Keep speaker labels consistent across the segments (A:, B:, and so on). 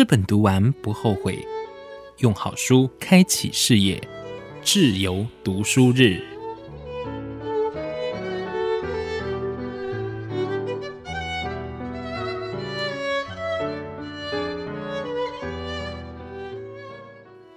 A: 日本讀完不後悔，用好書開啟事業，智由讀書日。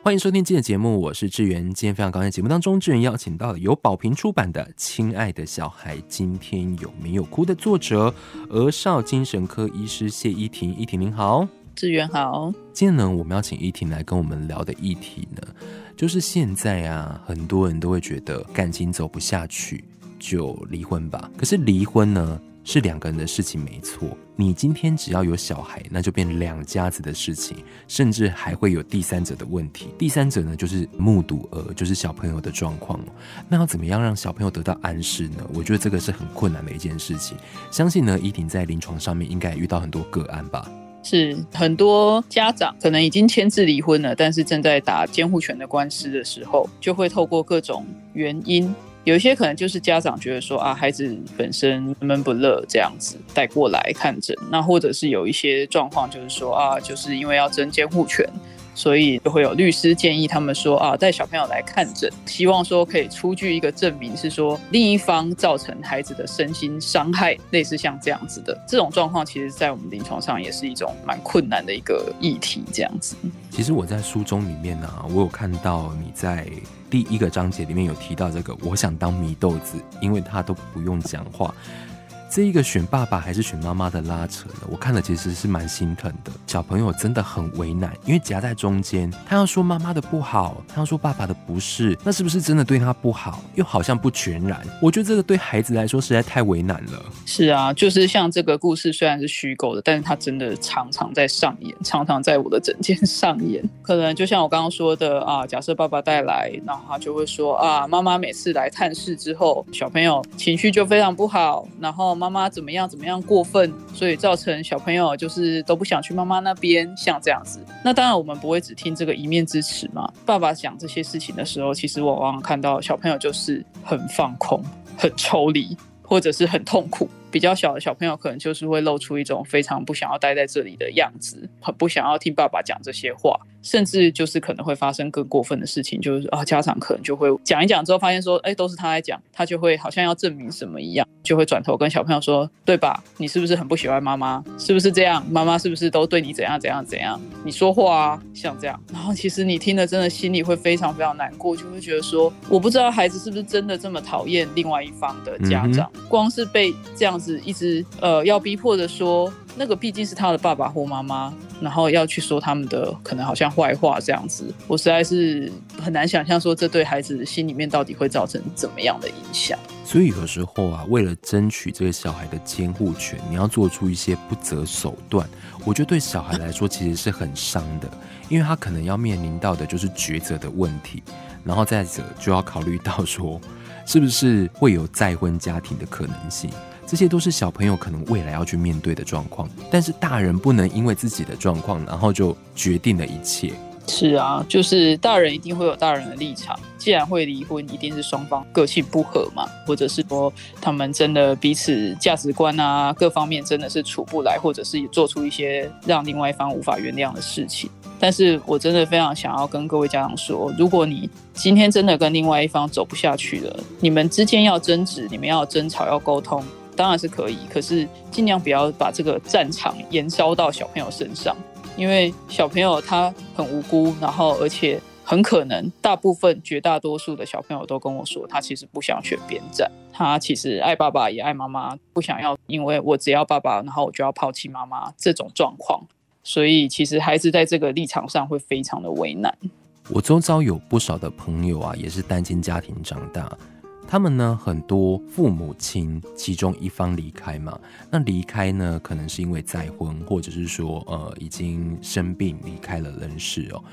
A: 歡迎收聽今天的節目，我是志源。今天非常高興，節目當中志源邀請到了由寶瓶出版的《親愛的小孩，今天有沒有哭》的作者，兒少精神科醫師謝依婷，依婷您好。智由好，今天呢，我們要請依婷來跟我們聊的議題呢，就是現在啊，很多人都會覺得感情走不下去就離婚吧。可是離婚呢，是兩個人的事情沒錯。你今天只要有小孩，那就變兩家子的事情，甚至還會有第三者的問題。第三者呢，就是目睹呃，就是小朋友的狀況。那要怎麼樣讓小朋友得到暗示呢？我覺得這個是很困難的一件事情。相信呢，依婷在臨床上面應該也遇到很多個案吧。
B: 是很多家長可能已經簽字離婚了，但是正在打監護權的官司的時候，就會透過各種原因，有一些可能就是家長覺得說啊，孩子本身悶悶不樂這樣子帶過來看診，那或者是有一些狀況就是說啊，就是因為要爭監護權。所以就會有律師建議他們說啊，帶小朋友來看診，希望說可以出具一個證明，是說另一方造成孩子的身心傷害，類似像這樣子的這種狀況，其實在我們臨床上也是一種蠻困難的一個議題，這樣子。
A: 其實我在書中裡面呢、啊，我有看到你在第一個章節裡面有提到這個，我想當禰豆子，因為他都不用講話。這一個選爸爸還是選媽媽的拉扯呢？我看了其實是蠻心疼的。小朋友真的很為難，因為夾在中間，他要說媽媽的不好，他要說爸爸的不是，那是不是真的對他不好？又好像不全然。我覺得這個對孩子來說實在太為難了。
B: 是啊，就是像這個故事雖然是虛構的，但是它真的常常在上演，常常在我的診間上演。可能就像我剛剛說的啊，假設爸爸帶來，然後他就會說啊，媽媽每次來探視之後，小朋友情緒就非常不好，然後。媽媽怎麼樣？怎麼樣過分？所以造成小朋友就是都不想去媽媽那邊，像這樣子。那當然，我們不會只聽這個一面之詞嘛。爸爸講這些事情的時候，其實我往往看到小朋友就是很放空、很抽離，或者是很痛苦。比較小的小朋友可能就是會露出一種非常不想要待在這裡的樣子，很不想要聽爸爸講這些話。甚至就是可能會發生更過分的事情，就是啊，家長可能就會講一講之後，發現說，哎，都是他在講，他就會好像要證明什麼一樣，就會轉頭跟小朋友說，對吧？你是不是很不喜歡媽媽？是不是這樣？媽媽是不是都對你怎樣怎樣怎樣？你說話啊，像這樣，然後其實你聽了真的心裡會非常非常難過，就會覺得說，我不知道孩子是不是真的這麼討厭另外一方的家長，嗯、光是被這樣子一直呃要逼迫的說。那個畢竟是他的爸爸或媽媽，然後要去說他們的可能好像壞話這樣子，我實在是很難想象說這對孩子心裡面到底會造成怎麼樣的影響。
A: 所以有時候啊，為了爭取這個小孩的監護權，你要做出一些不擇手段，我覺得對小孩來說其實是很傷的，因為他可能要面臨到的就是抉擇的問題，然後再者就要考慮到說，是不是會有再婚家庭的可能性。這些都是小朋友可能未來要去面對的狀況，但是大人不能因為自己的狀況，然後就決定了一切。
B: 是啊，就是大人一定會有大人的立場。既然會離婚，一定是雙方個性不合嘛，或者是說他們真的彼此價值觀啊各方面真的是處不來，或者是也做出一些讓另外一方無法原諒的事情。但是我真的非常想要跟各位家長說，如果你今天真的跟另外一方走不下去了，你們之間要爭執，你們要爭吵，要溝通。當然是可以，可是盡量不要把這個戰場延燒到小朋友身上，因為小朋友他很無辜，然後而且很可能大部分絕大多數的小朋友都跟我說，他其實不想選邊站，他其實愛爸爸也愛媽媽，不想要因為我只要爸爸，然後我就要拋棄媽媽這種狀況，所以其實孩子在這個立場上會非常的為難。
A: 我周遭有不少的朋友啊，也是單親家庭長大。他們呢，很多父母親其中一方離開嘛，那離開呢，可能是因為再婚，或者是說，呃，已經生病離開了人世哦。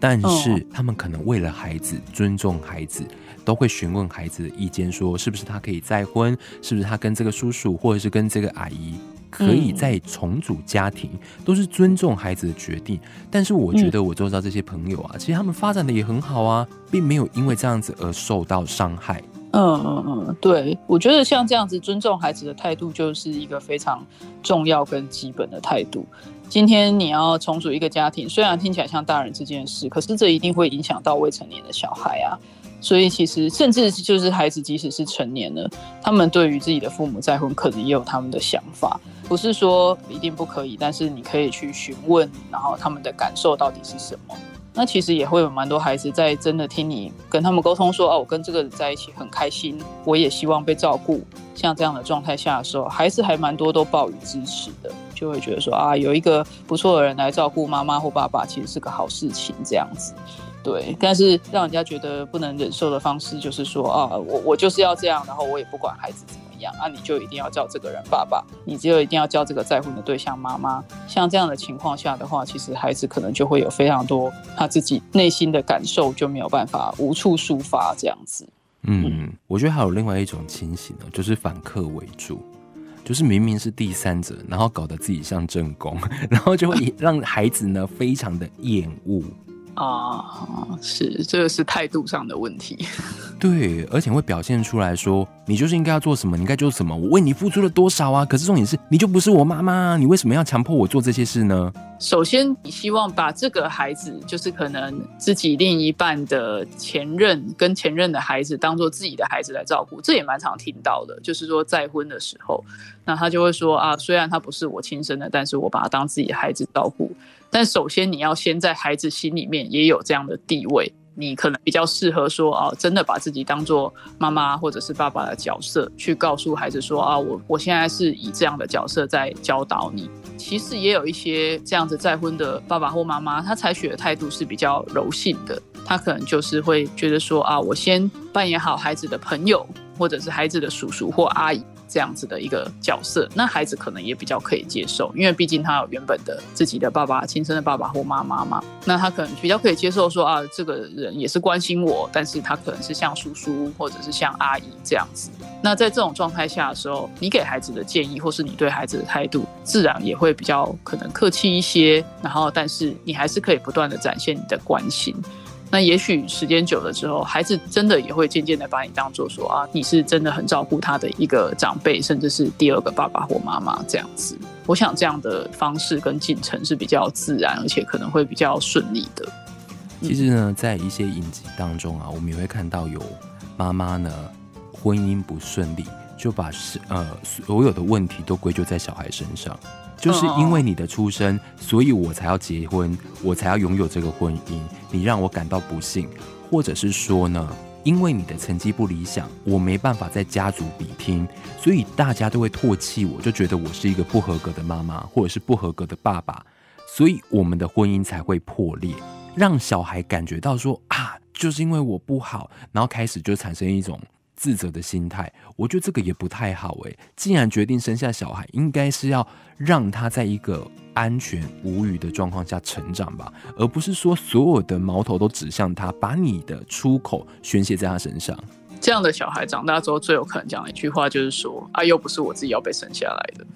A: 但是他們可能為了孩子，尊重孩子，都會詢問孩子的意見，說是不是他可以再婚,是不是他跟這個叔叔或者是跟這個阿姨
B: 可以再
A: 重組家庭，嗯,都是尊重孩子的決定。但是我覺得我周遭這些朋友啊,其實他們發展的也很好啊,並沒有因為這樣子而受到傷
B: 害。嗯嗯嗯，對，我覺得像這樣子尊重孩子的態度就是一個非常重要跟基本的態度。今天你要重組一個家庭，雖然聽起來像大人這件事，可是這一定會影響到未成年的小孩啊。所以其實甚至就是孩子，即使是成年了，他們對於自己的父母再婚，可能也有他們的想法，不是說一定不可以，但是你可以去詢問，然後他們的感受到底是什麼。那其實也會有蠻多孩子在真的聽你跟他們溝通說，哦、啊，我跟這個人在一起很開心，我也希望被照顧。像這樣的狀態下的時候，孩子還蠻多都抱以支持的，就會覺得說啊，有一個不錯的人來照顧媽媽或爸爸，其實是個好事情這樣子。對，但是讓人家覺得不能忍受的方式就是說，啊，我我就是要這樣，然後我也不管孩子。一樣，那你就一定要叫這個人爸爸，你就一定要叫這個在乎你的對象媽媽。像這樣的情況下的話，其實孩子可能就會有非常多他自己內心的感受就沒有辦法無處抒發這樣子。
A: 嗯，我覺得還有另外一種情形呢，就是反客為主，就是明明是第三者，然後搞得自己像正宮，然後就會讓孩子呢 非常的厭惡。
B: 啊、哦，是，這個是態度上的問題。
A: 對，而且會表現出來說，你就是應該要做什麼，你應該做什麼，我為你付出了多少啊！可是重點是，你就不是我媽媽啊，你為什麼要強迫我做這些事呢？
B: 首先，你希望把這個孩子，就是可能自己另一半的前任跟前任的孩子，當做自己的孩子來照顧，這也蠻常聽到的。就是說再婚的時候，那他就會說啊，雖然他不是我親生的，但是我把他當自己的孩子照顧。但首先，你要先在孩子心裡面也有這樣的地位。你可能比較適合說哦、啊，真的把自己當做媽媽或者是爸爸的角色，去告訴孩子說啊，我我現在是以這樣的角色在教導你。其實也有一些這樣子再婚的爸爸或媽媽，他採取的態度是比較柔性的，他可能就是會覺得說啊，我先扮演好孩子的朋友，或者是孩子的叔叔或阿姨，這樣子的一個角色，那孩子可能也比較可以接受，因為畢竟他有原本的自己的爸爸、親生的爸爸或媽媽嘛。那他可能比較可以接受說啊，這個人也是關心我，但是他可能是像叔叔或者是像阿姨這樣子。那在這種狀態下的時候，你給孩子的建議或是你對孩子的態度，自然也會比較可能客氣一些。然後但是你還是可以不斷的展現你的關心。那也許時間久了之後，孩子真的也會漸漸的把你當做說啊，你是真的很照顧他的一個長輩，甚至是第二個爸爸或媽媽這樣子。我想這樣的方式跟進程是比較自然，而且可能會比較順利的。其實
A: 呢，在一些影集當中啊，我們也會看到有媽媽呢，婚姻不順利，就把呃所有的問題都歸咎在小孩身上。就是因為你的出生，所以我才要結婚，我才要擁有這個婚姻。你讓我感到不幸，或者是說呢，因為你的成績不理想，我沒辦法在家族比拼，所以大家都會唾棄我，就覺得我是一個不合格的媽媽，或者是不合格的爸爸，所以我們的婚姻才會破裂，讓小孩感覺到說啊，就是因為我不好，然後開始就產生一種。自責的心態，我覺得這個也不太好誒、欸，既然決定生下小孩，應該是要讓他在一個安全、無虞的狀況下成長吧，而不是說所有的矛頭都指向他，把你的出口宣洩在他身上。
B: 這樣的小孩長大之後，最有可能講的一句話就是說：“啊，又不是我自己要被生下來的，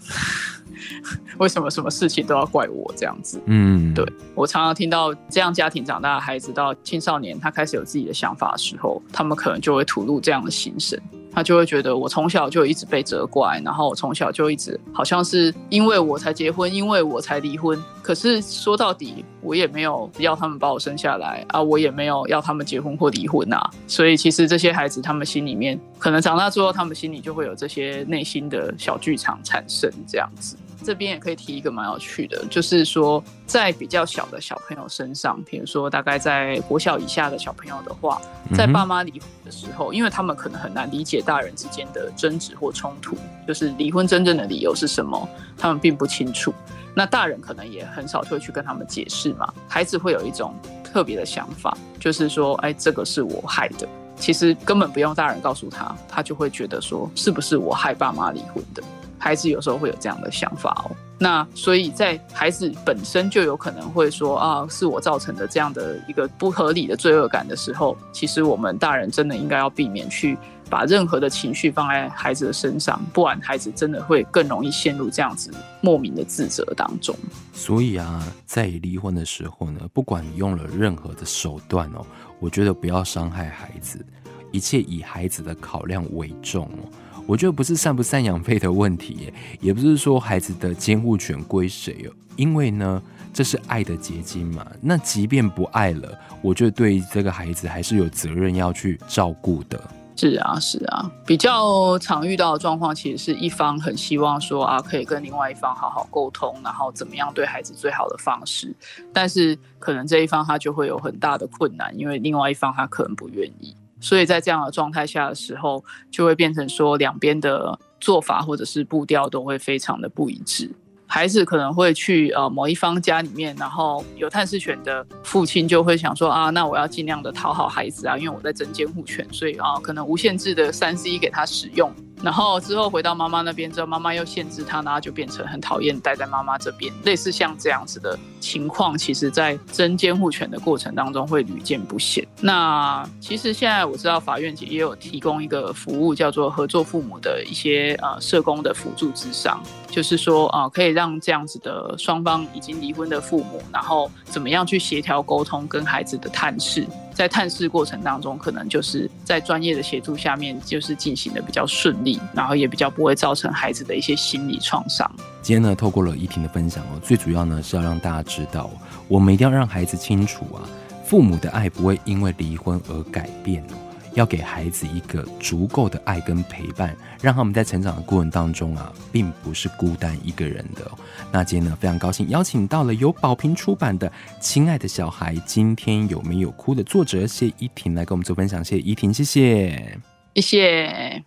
B: 為什麼什麼事情都要怪我這樣子？”
A: 嗯，對，
B: 我常常聽到這樣家庭長大的孩子到青少年，他開始有自己的想法的時候，他們可能就會吐露這樣的心聲。他就會覺得我從小就一直被責怪，然後我從小就一直好像是因為我才結婚，因為我才離婚。可是說到底，我也沒有要他們把我生下來啊，我也沒有要他們結婚或離婚啊。所以其實這些孩子，他們心裡面可能長大之後，他們心裡就會有這些內心的小劇場產生這樣子。這邊也可以提一個蠻有趣的，就是說，在比較小的小朋友身上，比如說大概在國小以下的小朋友的話，在爸媽離婚的時候，因為他們可能很難理解大人之間的爭執或衝突，就是離婚真正的理由是什麼，他們並不清楚。那大人可能也很少會去跟他們解釋嘛，孩子會有一種特別的想法，就是說，哎，這個是我害的。其實根本不用大人告訴他，他就會覺得說，是不是我害爸媽離婚的？孩子有時候會有這樣的想法哦，那所以在孩子本身就有可能會說啊，是我造成的這樣的一個不合理的罪惡感的時候，其實我們大人真的應該要避免去把任何的情緒放在孩子的身上，不然孩子真的會更容易陷入這樣子莫名的自責當中。
A: 所以啊，在離婚的時候呢，不管你用了任何的手段哦，我覺得不要傷害孩子，一切以孩子的考量為重哦。我覺得不是贍不贍養費的問題，也不是說孩子的監護權歸誰哦，因為呢，這是愛的結晶嘛。那即便不愛了，我覺得對這個孩子還是有責任要去照顧的。
B: 是啊，是啊，比較常遇到的狀況其實是一方很希望說啊，可以跟另外一方好好溝通，然後怎麼樣對孩子最好的方式，但是可能這一方他就會有很大的困難，因為另外一方他可能不願意。所以在這樣的狀態下的時候，就會變成說兩邊的做法或者是步調都會非常的不一致。孩子可能會去呃某一方家裡面，然後有探視權的父親就會想說啊，那我要盡量的討好孩子啊，因為我在爭監護權，所以啊、呃、可能無限制的三 C 給他使用。然後之後回到媽媽那邊之後，媽媽又限制他，然後就變成很討厭待在媽媽這邊。類似像這樣子的情況，其實在爭監護權的過程當中會屢見不鮮。那其實現在我知道法院也也有提供一個服務，叫做合作父母的一些呃社工的輔助諮商，就是說啊、呃、可以讓這樣子的雙方已經離婚的父母，然後怎麼樣去協調溝通跟孩子的探視。在探視過程當中，可能就是在專業的協助下面，就是進行得比較順利，然後也比較不會造成孩子的一些心理創傷。今
A: 天呢，透過了依婷的分享哦，最主要呢是要讓大家知道，我們一定要讓孩子清楚啊，父母的愛不會因為離婚而改變。要給孩子一個足夠的愛跟陪伴，讓他們在成長的過程當中啊，並不是孤單一個人的。那今天呢，非常高興邀請到了由寶瓶出版的《親愛的小孩，今天有沒有哭》的作者謝依婷來跟我們做分享。謝依婷，謝謝，
B: 謝謝。